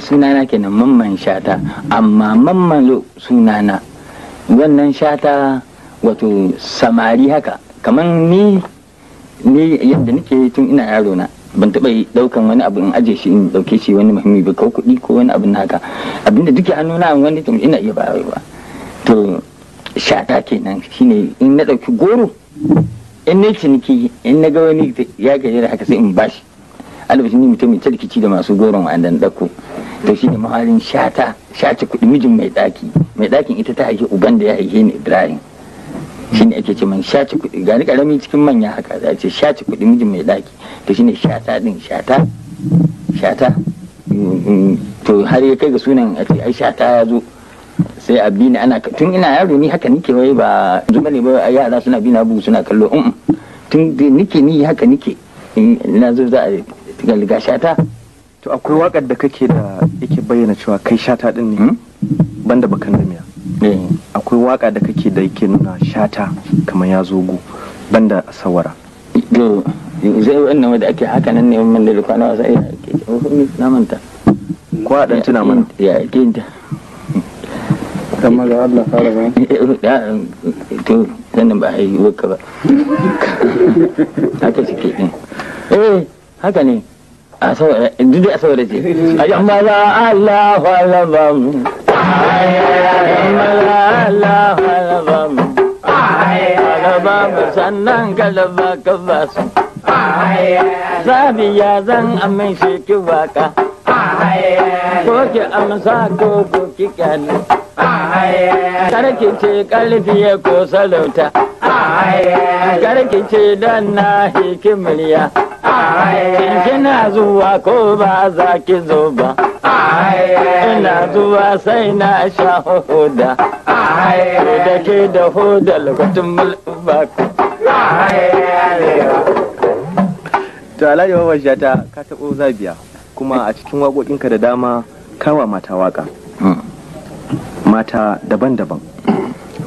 sunana kenan mamman shata amma mamman sunana wannan shata wato samari haka kamar ni ni yadda nake tun ina yaro na ban taba ɗaukan wani abu in aje shi in ɗauke shi wani muhimmi ba ko kuɗi ko wani abu haka abinda duke an nuna wani tun ina iya bayar ba to shata kenan shine in na ɗauki goro in na ciniki in na ga wani ya gaji da haka sai in bashi albashin ne mutum ta rikici da masu goron wa'andan ɗako to shi ne mahalin shata shace kuɗi mijin mai ɗaki mai ɗakin ita ta haifi uban da ya haife ni ibrahim shi ne ake ce man shata kuɗi gani ƙarami cikin manya haka za a ce shata kuɗi mijin mai ɗaki to shi ne shata ɗin shata shata to har ya kai ga sunan a ce ai shata ya zo sai a bi ni ana tun ina yaro ni haka nike wai ba zuba ne ba yara suna bi na bugu suna kallo tun nike ni haka nike na zo za a ga shata to akwai wakar da kake da yake bayyana cewa kai shata din ne hmm? banda bakan da miya eh. akwai waka da kake da yake nuna shata kamar ya zogo banda sawara zai wannan wadda ake haka nan ne mun da kwana wasa ina na manta ko a dan tuna mana ya ta. kamar ga Allah fara ba to sannan ba ai waka ba haka shi ke eh. eh haka ne Eh, duk a saboda ce a yi maza Allah halabam maza Allah halabam halabam sannan galaba ka ba su zabi ya zan amin shi ki baka ko ki amsa ko ko ki kyale karki ce karfi ya ko salauta karki ce dan na hikimar ya in kina zuwa ko ba za ki zo ba ina zuwa sai na sha hoda da ke da hoda lokacin mulba to alhaji babar ta ka taɓo zabiya kuma a cikin waƙoƙinka da dama kawa mata waƙa mata daban-daban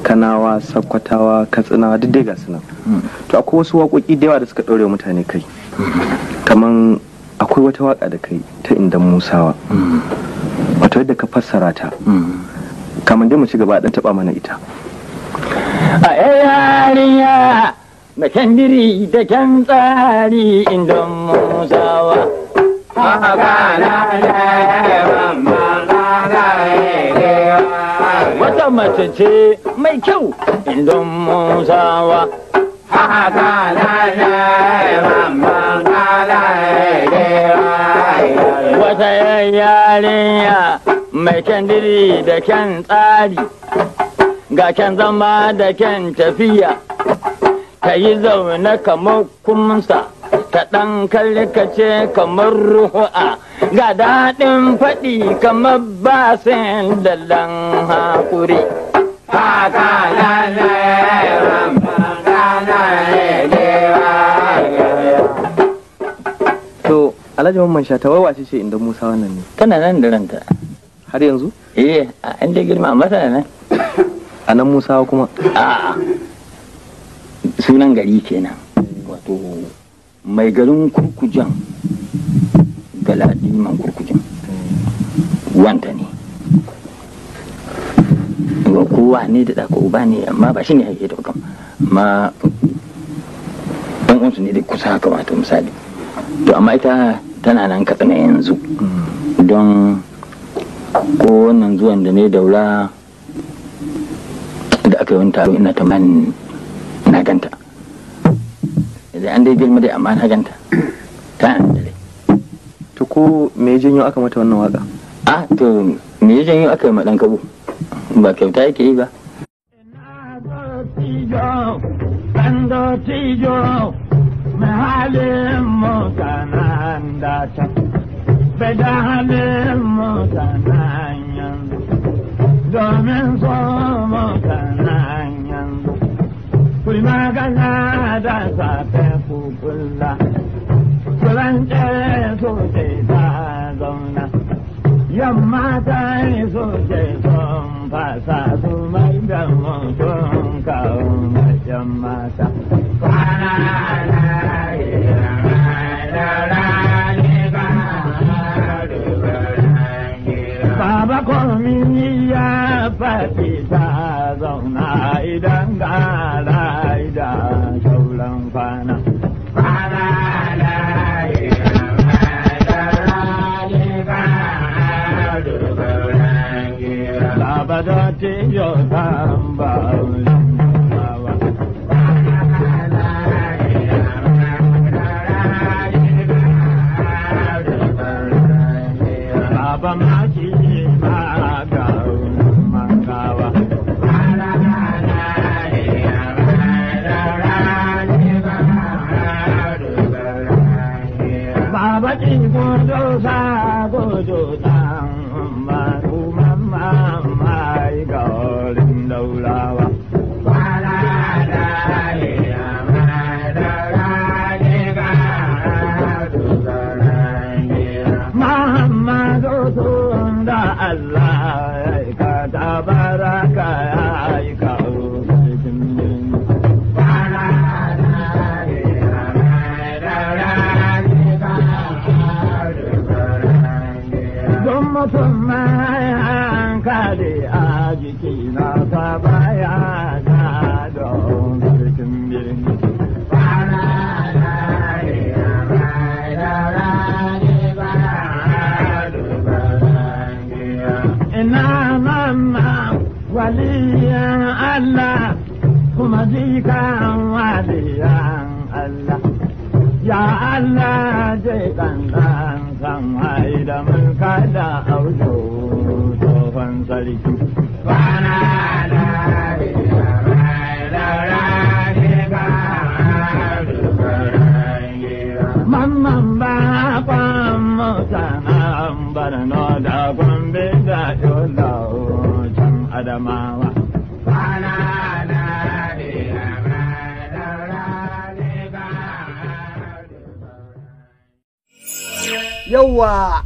kanawa sakkwatawa katsinawa duk dai ga suna to akwai wasu waƙoƙi da yawa da suka ɗaure mutane kai kaman akwai wata waka da kai ta inda musawa mm. wato yadda ka fassara ta mm. kaman dai mu ci gaba dan taba mana ita a yarinya na diri da kyan tsari inda musawa haka na da wata mace ce mai kyau indon musawa Wata yarinya mai kyan diri da kyan tsari, ga kyan zama da kyan tafiya, ta yi zaune kamar kumsa, ta ɗan kalkace kamar ruhu'a, ga daɗin faɗi kamar basin da lan hakuri. Haka lalai. alhaji mamman sha ta wace ce inda musa wannan ne tana nan da ranta har yanzu eh an da girma amma tana nan a nan musa kuma a sunan gari kenan wato mai garin kurkujan galadiman kurkujan wanta ne kowa ne da ɗaka uba ne amma ba shi ne haike da amma ɗan ne da kusa haka wato misali to amma ita tana nan katsina yanzu don ko wannan zuwan da ne daura da aka yi wani taro ina tamanin na ganta an dai girma dai amma na ganta ta an dare to ko me janyo aka mata wannan waka ah to me janyo aka yi ma dan kabo ba kyauta yake yi ba Tijo, halin mu kanan da ta bai da halin mu kanan yanzu domin so mu kanan yanzu kuri magana da safe ku kulla kurance so ce ta zauna yamma ta yi so ce sun fasa su mai da mutum kawo mai mata. Baba komi ya faɗi zauna idan gara da shauran kwana. da ki gudu sa gudu ji kan waliyan Allah ya Allah je dan dan san haida mun kada aujo tofan sarki bana da Mamman ba 有啊。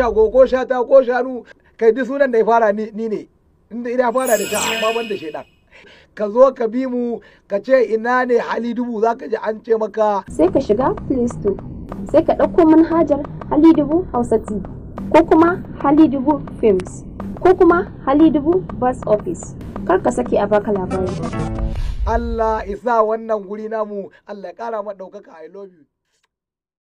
sha go ko sha ta ko shanu kai duk sunan da ya fara ni ne inda ina fara da sha amma ban da ka zo ka bi mu ka ce ina ne hali dubu za ka ji an ce maka sai ka shiga play store sai ka ɗauko manhajar hali dubu hausa T ko kuma hali dubu films ko kuma hali dubu bus office kar ka sake a baka labari Allah isa wannan guri namu Allah ya kara ma daukaka I love you